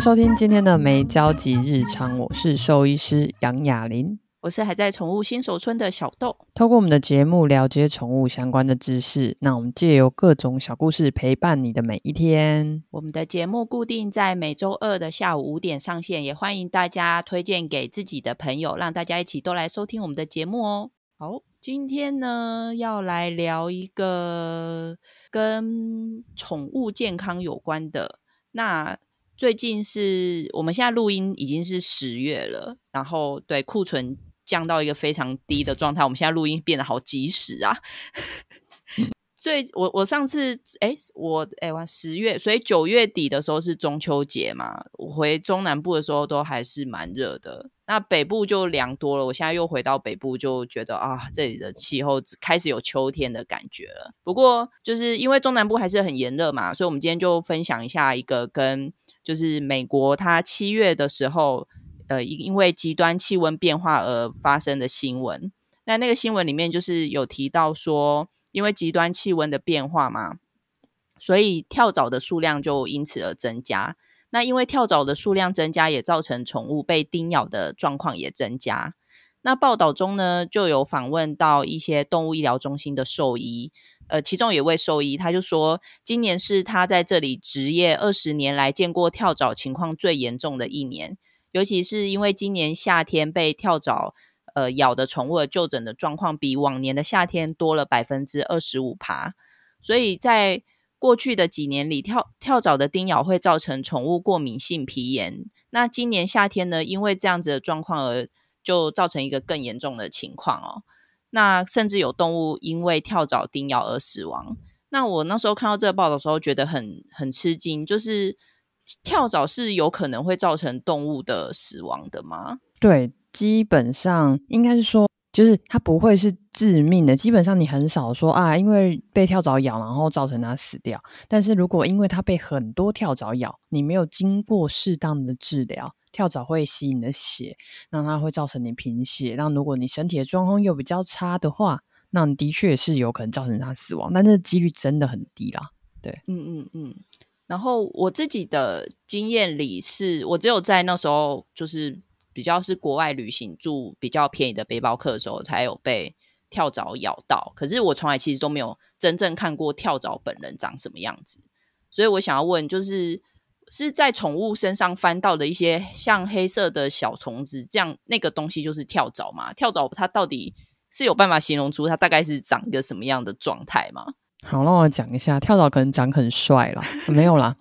收聽今天的《沒交集日常》，我是獸醫師楊雅琳，我是還在寵物新手村的小豆。透過我們的節目了解寵物相關的知識，那我們借由各種小故事陪伴你的每一天。我們的節目固定在每周二的下午五點上線，也歡迎大家推薦給自己的朋友，讓大家一起都來收聽我們的節目哦。好，今天呢要來聊一個跟寵物健康有關的那。最近是我們現在錄音已經是十月了，然後對，庫存降到一個非常低的狀態。我們現在錄音變得好及時啊！最 我我上次誒、欸、我誒、欸、我十月，所以九月底的時候是中秋節嘛。我回中南部的時候都還是蠻熱的，那北部就涼多了。我現在又回到北部，就覺得啊，這裡的氣候只開始有秋天的感覺了。不過就是因為中南部還是很炎熱嘛，所以我們今天就分享一下一個跟。就是美國，它七月的時候，呃，因為極端氣溫變化而發生的新聞。那那個新聞裡面就是有提到說，因為極端氣溫的變化嘛，所以跳蚤的數量就因此而增加。那因為跳蚤的數量增加，也造成寵物被叮咬的狀況也增加。那報道中呢，就有訪問到一些動物醫療中心的獸醫。呃，其中有一位獸醫他就說，今年是他在這裡執業二十年來見過跳蚤情況最嚴重的一年，尤其是因為今年夏天被跳蚤呃咬的寵物就診的狀況比往年的夏天多了百分之二十五趴。所以在過去的幾年裡，跳跳蚤的叮咬會造成寵物過敏性皮炎。那今年夏天呢，因為這樣子的狀況而就造成一個更嚴重的情況哦。那甚至有動物因為跳蚤叮咬而死亡。那我那時候看到這個報道的時候，覺得很很吃驚。就是跳蚤是有可能會造成動物的死亡的嗎？對，基本上應該是說，就是它不會是致命的。基本上你很少說啊，因為被跳蚤咬，然後造成它死掉。但是如果因為它被很多跳蚤咬，你沒有經過適當的治療。跳蚤會吸你的血，那它會造成你貧血。那如果你身體的狀況又比較差的話，那你的確是有可能造成它死亡，但這幾率真的很低啦。對，嗯嗯嗯。然後我自己的經驗裡是，是我只有在那時候就是比較是國外旅行住比較便宜的背包客的時候，才有被跳蚤咬到。可是我從來其實都沒有真正看過跳蚤本人長什麼樣子，所以我想要問就是。是在寵物身上翻到的一些像黑色的小蟲子，這樣那個東西就是跳蚤嘛？跳蚤它到底是有辦法形容出它大概是長一個什麼樣的狀態嗎？好，那我講一下，跳蚤可能長很帥啦， 沒有啦。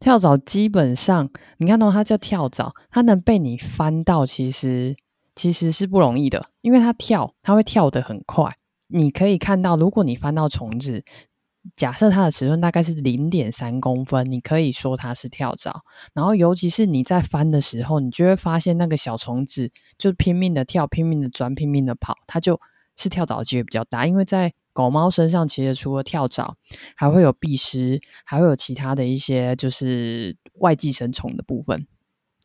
跳蚤基本上，你看到、哦、它叫跳蚤，它能被你翻到，其實其實是不容易的，因為它跳，它會跳得很快。你可以看到，如果你翻到蟲子。假設它的尺寸大概是零點三公分，你可以說它是跳蚤。然後，尤其是你在翻的時候，你就會發現那個小蟲子就拼命的跳，拼命的鑽，拼命的跑，它就是跳蚤的機會比較大。因為在狗貓身上，其實除了跳蚤，還會有壁蝨，還會有其他的一些就是外寄生蟲的部分。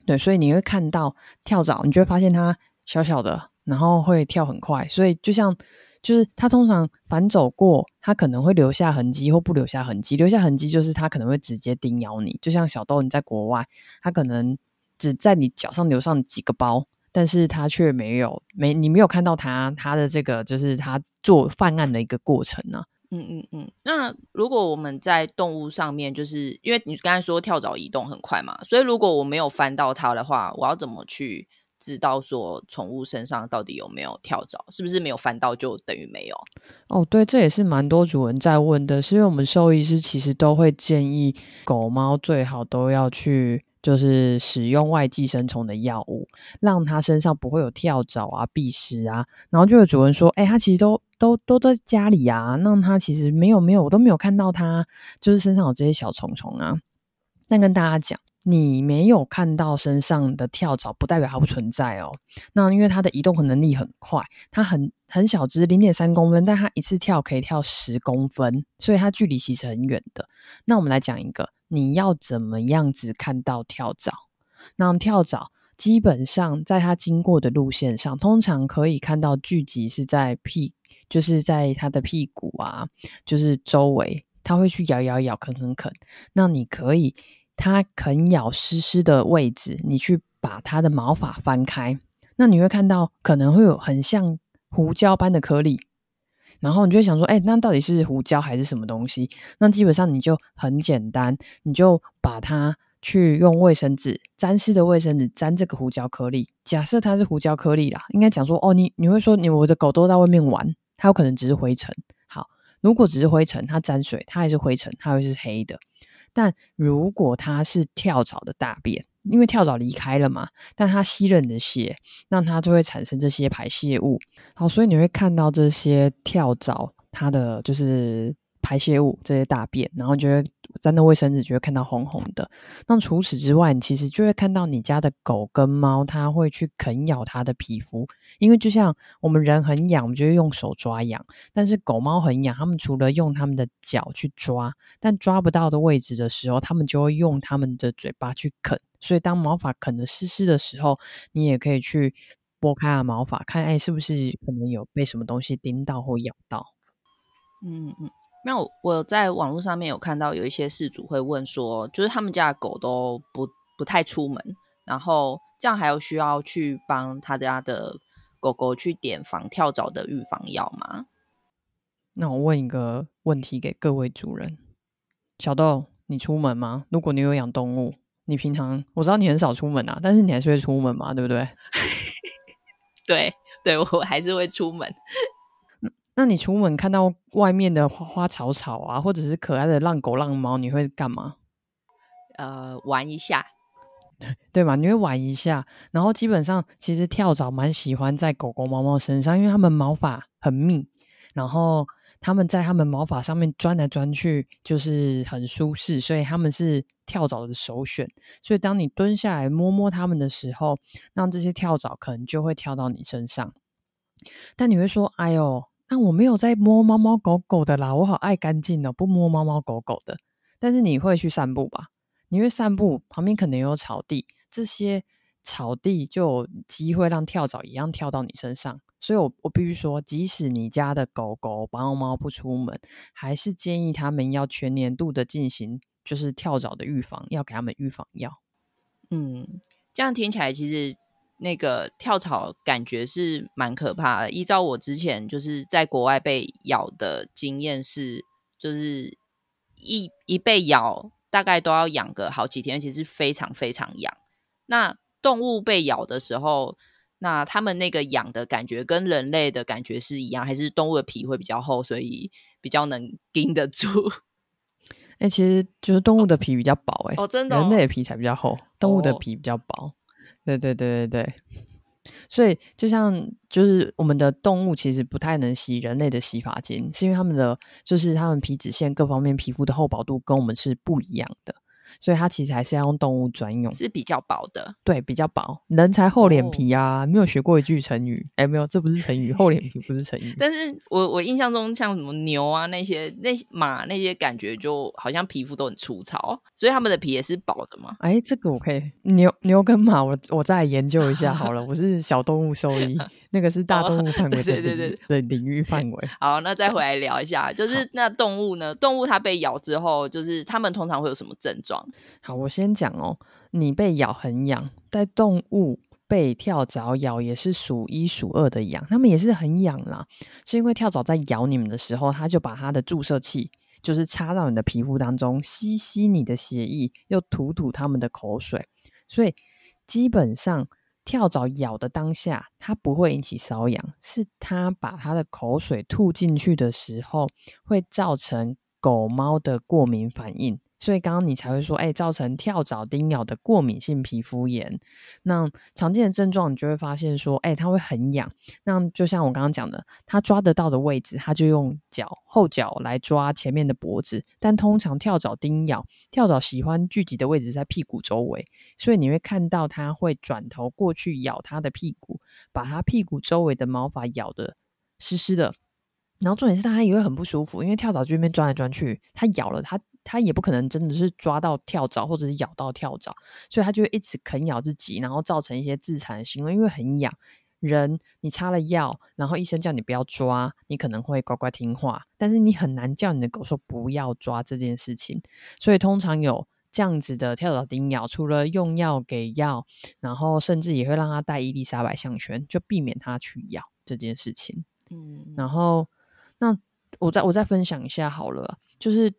對，所以你會看到跳蚤，你就會發現它小小的，然後會跳很快。所以就像。就是它通常反走過，它可能會留下痕跡或不留下痕跡。留下痕跡就是它可能會直接叮咬你，就像小豆你在國外，它可能只在你腳上留上幾個包，但是它卻沒有沒你沒有看到它，它的這個就是它做犯案的一個過程呢、啊。嗯嗯嗯，那如果我們在動物上面，就是因為你剛才說跳蚤移動很快嘛，所以如果我沒有翻到它的話，我要怎麼去知道說寵物身上到底有沒有跳蚤，是不是沒有翻到就等於沒有？哦，對，這也是蠻多主人在問的，是因為我們獸醫師其實都會建議狗貓最好都要去就是使用外寄生蟲的藥物，讓它身上不會有跳蚤啊、壁蝨啊。然後就有主人說，哎，它其實都都都在家裡啊，那它其實沒有沒有，我都沒有看到它。就是身上有這些小蟲蟲啊。那跟大家講。你沒有看到身上的跳蚤，不代表它不存在哦。那因為它的移動能力很快，它很很小只，零點三公分，但它一次跳可以跳十公分，所以它距離其實很遠的。那我們來講一個，你要怎麼樣子看到跳蚤？那跳蚤基本上在它經過的路線上，通常可以看到聚集是在屁，就是在它的屁股啊，就是周圍，它會去咬咬咬，啃啃啃啃。那你可以。它啃咬濕濕的位置，你去把它的毛髮翻開，那你會看到可能會有很像胡椒般的顆粒，然後你就會想說，哎、欸，那到底是胡椒還是什麼東西？那基本上你就很簡單，你就把它去用衛生紙，沾濕的衛生紙沾這個胡椒顆粒。假設它是胡椒顆粒啦，應該講說，哦，你你會說，你我的狗都在外面玩，它有可能只是灰塵。好，如果只是灰塵，它沾水，它還是灰塵，它會是黑的。但如果它是跳蚤的大便，因為跳蚤離開了嘛，但它吸了你的血，那它就會產生這些排泄物。好，所以你會看到這些跳蚤，它的就是。排泄物這些大便，然後就會在那衛生紙就會看到紅紅的。那除此之外，其實就會看到你家的狗跟貓，它會去啃咬它的皮膚，因為就像我們人很癢，我們就會用手抓癢，但是狗貓很癢，它們除了用它們的腳去抓，但抓不到的位置的時候，它們就會用它們的嘴巴去啃。所以當毛髮啃得濕濕的時候，你也可以去撥開啊毛髮，看哎、欸、是不是可能有被什麼東西叮到或咬到。嗯嗯。那我在網絡上面有看到有一些飼主會問說，就是他們家的狗都不不太出門，然後這樣還有需要去幫他家的狗狗去點防跳蚤的預防藥嗎？那我問一個問題給各位主人：小豆，你出門嗎？如果你有養動物，你平常我知道你很少出門啊，但是你還是會出門嘛，對不對？ 對，對，我還是會出門。那你出門看到外面的花花草草啊，或者是可愛的浪狗浪貓，你會幹嘛？呃，玩一下， 對吧？你會玩一下，然後基本上其實跳蚤蠻喜歡在狗狗貓貓身上，因為它們毛髮很密，然後他們在它們毛髮上面鑽來鑽去就是很舒適，所以他們是跳蚤的首選。所以當你蹲下來摸摸它們的時候，那這些跳蚤可能就會跳到你身上。但你會說，哎呦！但我沒有在摸貓貓狗狗的啦，我好愛乾淨哦，不摸貓貓狗狗的。但是你會去散步吧？你會散步，旁邊可能有草地，這些草地就有機會讓跳蚤一樣跳到你身上。所以我，我我必須說，即使你家的狗狗、貓貓不出門，還是建議他們要全年度的進行，就是跳蚤的預防，要給他們預防藥。嗯，這樣聽起來其實。那個跳蚤感覺是蠻可怕的。依照我之前就是在國外被咬的經驗是，就是一一被咬，大概都要養個好幾天，而且是非常非常癢。那動物被咬的時候，那它們那個癢的感覺跟人類的感覺是一樣，還是動物的皮會比較厚，所以比較能撐得住？那、欸、其實就是動物的皮比較薄、欸，誒。哦，真的，人類的皮才比較厚，動物的皮比較薄。哦對對對對對，所以就像就是我們的動物其實不太能洗人類的洗髮精，是因為他們的就是他們皮脂腺各方面皮膚的厚薄度跟我們是不一樣的。所以它其實還是要用動物專用，是比較薄的，對，比較薄。人才厚臉皮啊，oh. 沒有學過一句成語，哎，沒有，這不是成語，厚臉皮不是成語。 但是我我印象中像什麼牛啊那些、那些馬那些，感覺就好像皮膚都很粗糙，所以他們的皮也是薄的嘛。哎，這個我可以，牛牛跟馬我，我我再研究一下好了。 我是小動物獸醫， 那個是大動物範圍的領 對,對,對，領域範圍。好，那再回來聊一下，就是那動物呢，動物它被咬之後，就是它們通常會有什麼症狀？好，我先講哦。你被咬很癢，但動物被跳蚤咬也是數一數二的癢，它們也是很癢啦。是因為跳蚤在咬你們的時候，它就把它的注射器就是插到你的皮膚當中，吸吸你的血液，又吐吐它們的口水。所以基本上，跳蚤咬的當下，它不會引起瘙癢，是它把它的口水吐進去的時候，會造成狗貓的過敏反應。所以剛剛你才會說，誒、欸、造成跳蚤叮咬的過敏性皮膚炎，那常見的症狀你就會發現說，哎、欸，它會很癢。那就像我剛剛講的，它抓得到的位置，它就用腳後腳來抓前面的脖子。但通常跳蚤叮咬，跳蚤喜歡聚集的位置在屁股周圍，所以你會看到它會轉頭過去咬它的屁股，把它屁股周圍的毛髮咬得濕濕的。然後重點是它也會很不舒服，因為跳蚤這邊轉來轉去，它咬了它。它也不可能真的是抓到跳蚤或者是咬到跳蚤，所以它就會一直啃咬自己，然後造成一些自殘行為，因為很癢。人你擦了藥，然後醫生叫你不要抓，你可能會乖乖聽話，但是你很難叫你的狗說不要抓這件事情。所以通常有這樣子的跳蚤叮咬，除了用藥給藥，然後甚至也會讓它戴伊麗莎白項圈，就避免它去咬這件事情。嗯，然後那我再我再分享一下好了，就是。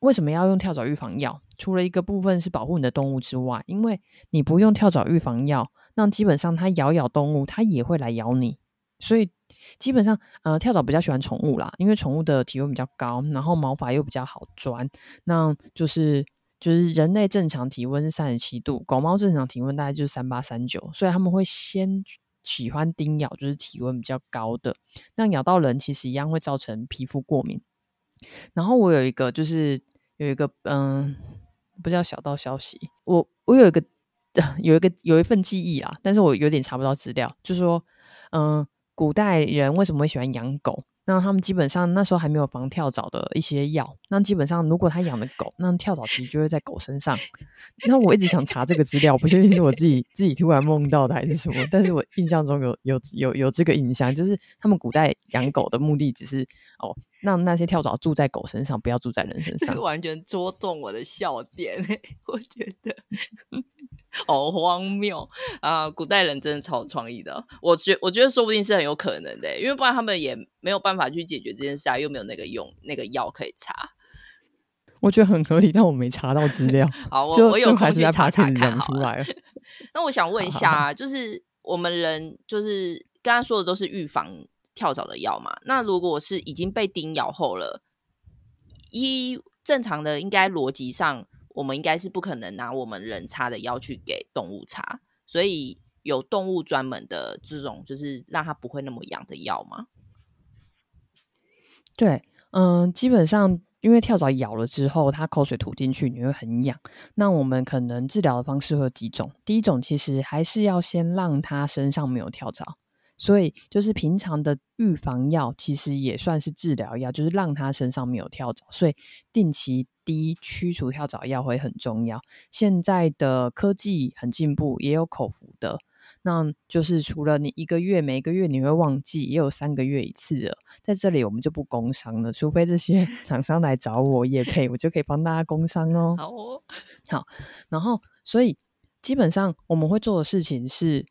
為什麼要用跳蚤預防藥？除了一個部分是保護你的動物之外，因為你不用跳蚤預防藥，那基本上它咬咬動物，它也會來咬你。所以基本上，呃，跳蚤比較喜歡寵物啦，因為寵物的體溫比較高，然後毛髮又比較好鑽。那就是就是人類正常體溫是三十七度，狗貓正常體溫大概就是三八三九，所以他們會先喜歡叮咬，就是體溫比較高的。那咬到人其實一樣會造成皮膚過敏。然後我有一個就是。有一個嗯，不叫小道消息，我我有一個有一個有一份記憶啊，但是我有點查不到資料，就是說，嗯，古代人為什麼會喜歡養狗？那他們基本上那時候還沒有防跳蚤的一些藥，那基本上如果他養的狗，那跳蚤其實就會在狗身上。那我一直想查這個資料，不確定是我自己自己突然夢到的還是什麼，但是我印象中有有有有這個印象，就是他們古代養狗的目的只是哦。那那些跳蚤住在狗身上，不要住在人身上。這完全戳中我的笑點、欸、我覺得呵呵好荒謬啊、呃！古代人真的超有創意的，我覺我覺得說不定是很有可能的、欸，因為不然他們也沒有辦法去解決這件事、啊，又沒有那個用那個藥可以擦。我覺得很合理，但我沒查到資料。 好，我就我有開始查，查看，查看，出 來那我想問一下、啊， 就是我們人就是剛剛說的都是預防。跳蚤的藥嘛，那如果是已經被叮咬後了，一正常的應該邏輯上，我們應該是不可能拿我們人擦的藥去給動物擦，所以有動物專門的這種，就是讓它不會那麼癢的藥嗎？對，嗯、呃，基本上因為跳蚤咬了之後，它口水吐進去你會很癢，那我們可能治療的方式會有幾種，第一種其實還是要先讓它身上沒有跳蚤。所以，就是平常的預防藥，其實也算是治療藥，就是讓他身上沒有跳蚤。所以，定期滴驅除跳蚤藥會很重要。現在的科技很進步，也有口服的。那，就是除了你一個月，每個月你會忘記，也有三個月一次的。在這裡，我們就不工商了，除非這些廠商來找我業配。 我就可以幫大家工商哦。好哦，好。然後，所以基本上我們會做的事情是。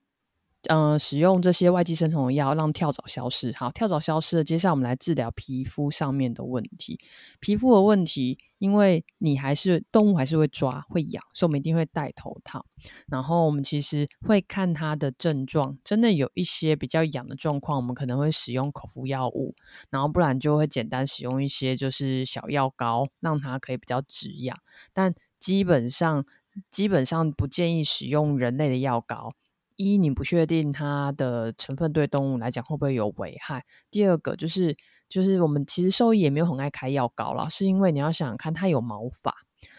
嗯，使用這些外寄生蟲的藥，讓跳蚤消失。好，跳蚤消失了，接下來我們來治療皮膚上面的問題。皮膚的問題，因為你還是動物，還是會抓會癢，所以我們一定會戴頭套。然後我們其實會看它的症狀，真的有一些比較癢的狀況，我們可能會使用口服藥物，然後不然就會簡單使用一些就是小藥膏，讓它可以比較止癢。但基本上，基本上不建議使用人類的藥膏。一，你不確定它的成分對動物來講會不會有危害。第二個就是，就是我們其實獸醫也沒有很愛開藥膏啦，是因為你要想想看它有毛髮，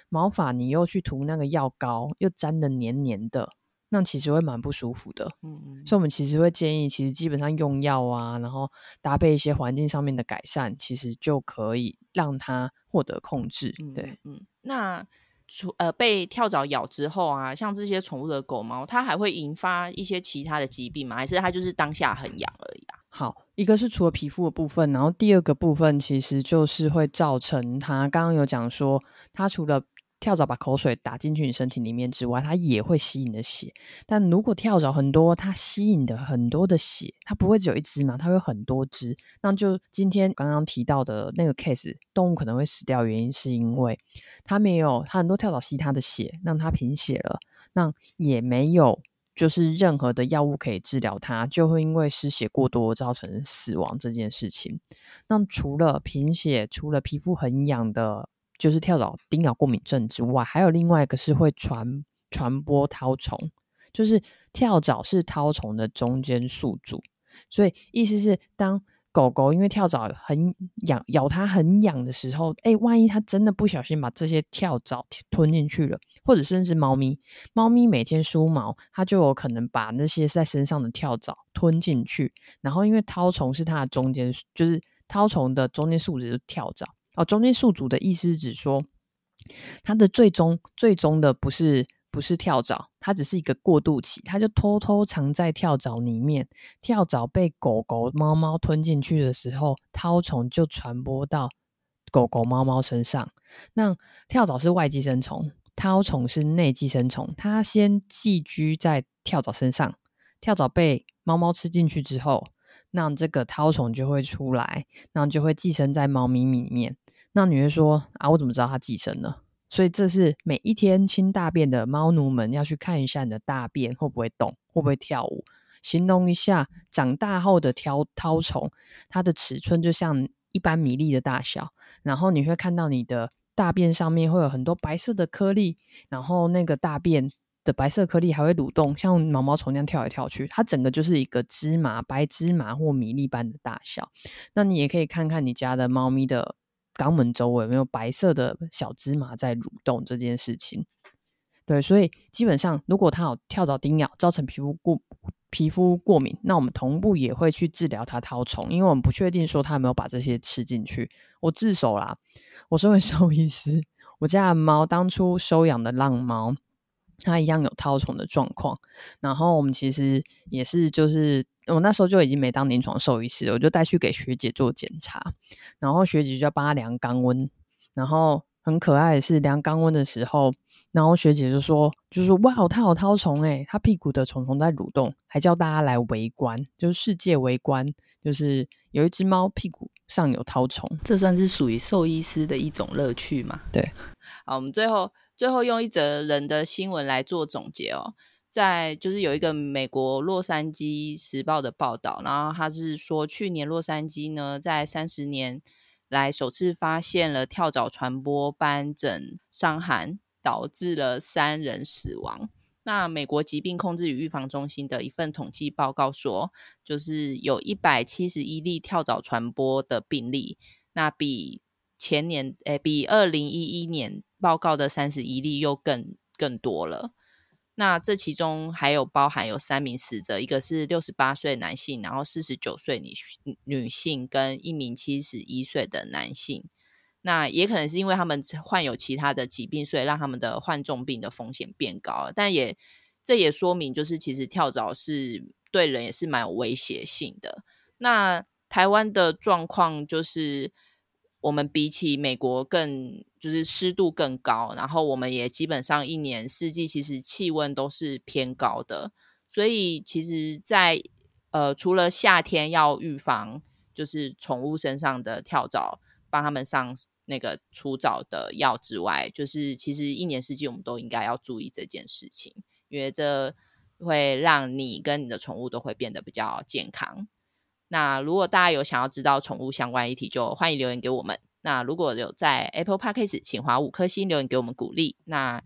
毛髮你又去塗那個藥膏，又粘得黏黏的，那其實會蠻不舒服的。嗯嗯，所以我們其實會建議，其實基本上用藥啊，然後搭配一些環境上面的改善，其實就可以讓它獲得控制。對，嗯，嗯，那。除呃，被跳蚤咬之後啊，像這些寵物的狗貓，它還會引發一些其他的疾病嗎？還是它就是當下很癢而已啊？好，一個是除了皮膚的部分，然後第二個部分其實就是會造成它，剛剛有講說，它除了。跳蚤把口水打進去你身體裡面之外，它也會吸你的血。但如果跳蚤很多，它吸引的很多的血，它不會只有一隻嘛，它會有很多隻。那就今天剛剛提到的那個 case，動物可能會死掉，原因是因為它沒有它很多跳蚤吸它的血，讓它貧血了。那也沒有就是任何的藥物可以治療它，就會因為失血過多造成死亡這件事情。那除了貧血，除了皮膚很癢的。就是跳蚤叮咬過敏症之外，還有另外一個是會傳傳播絛蟲。就是跳蚤是絛蟲的中間宿主，所以意思是，當狗狗因為跳蚤很癢咬它很癢的時候，哎、欸，萬一它真的不小心把這些跳蚤吞進去了，或者甚至貓咪，貓咪每天梳毛，它就有可能把那些在身上的跳蚤吞進去，然後因為絛蟲是它的中間，就是絛蟲的中間宿主就跳蚤。哦，中間宿主的意思是說，它的最終最終的不是不是跳蚤，它只是一個過渡期，它就偷偷藏在跳蚤裡面。跳蚤被狗狗貓貓吞進去的時候，絛蟲就傳播到狗狗貓貓身上。那跳蚤是外寄生蟲，絛蟲是內寄生蟲，它先寄居在跳蚤身上，跳蚤被貓貓吃進去之後。那這個絛蟲就會出來，那就會寄生在貓咪裡面。那你會說啊，我怎麼知道它寄生呢？所以這是每一天清大便的貓奴們要去看一下你的大便會不會動，會不會跳舞，形容一下長大後的絛絛蟲，它的尺寸就像一般米粒的大小。然後你會看到你的大便上面會有很多白色的顆粒，然後那個大便。的白色顆粒還會蠕動，像毛毛蟲那樣跳來跳去。它整個就是一個芝麻、白芝麻或米粒般的大小。那你也可以看看你家的貓咪的肛門周圍有沒有白色的小芝麻在蠕動這件事情。對，所以基本上如果它有跳蚤叮咬，造成皮膚過皮膚過敏，那我們同步也會去治療它絛蟲，因為我們不確定說它有沒有把這些吃進去。我自首啦！我身為獸醫師，我家的貓當初收養的浪貓。它一樣有絛蟲的狀況，然後我們其實也是，就是我那時候就已經沒當臨床獸醫師了，我就帶去給學姐做檢查，然後學姐就要幫她量肛溫，然後很可愛的是量肛溫的時候，然後學姐就說，就說哇，它有絛蟲誒，它屁股的蟲蟲在蠕動，還叫大家來圍觀，就是世界圍觀，就是有一隻貓屁股上有絛蟲，這算是屬於獸醫師的一種樂趣嘛？對。好，我們最後最後用一則人的新聞來做總結哦。在就是有一個美國《洛杉磯時報》的報道，然後他是說，去年洛杉磯呢在三十年來首次發現了跳蚤傳播斑疹傷寒，導致了三人死亡。那美國疾病控制與預防中心的一份統計報告說，就是有一百七十一例跳蚤傳播的病例，那比前年，誒，比二零一一年。報告的三十一例又更更多了，那這其中還有包含有三名死者，一個是六十八歲男性，然後四十九歲女女性跟一名七十一歲的男性，那也可能是因為他們患有其他的疾病，所以讓他們的患重病的風險變高，但也這也說明就是其實跳蚤是對人也是蠻有威脅性的。那台灣的狀況就是。我們比起美國更就是濕度更高，然後我們也基本上一年四季其實氣溫都是偏高的，所以其實在，在呃除了夏天要預防就是寵物身上的跳蚤，幫他們上那個除蚤的藥之外，就是其實一年四季我們都應該要注意這件事情，因為這會讓你跟你的寵物都會變得比較健康。那如果大家有想要知道寵物相關議題，就歡迎留言給我們。那如果有在 Apple Podcast，請劃五顆星留言給我們鼓勵。那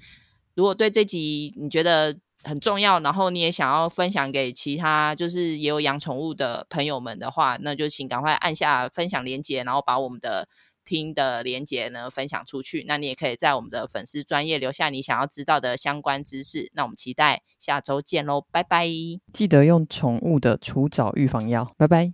如果對這集你覺得很重要，然後你也想要分享給其他就是也有養寵物的朋友們的話，那就請趕快按下分享連結，然後把我們的。聽的連結呢，分享出去。那你也可以在我們的粉絲專頁留下你想要知道的相關知識。那我們期待下周見嘍，拜拜！記得用寵物的除蚤預防藥，拜拜。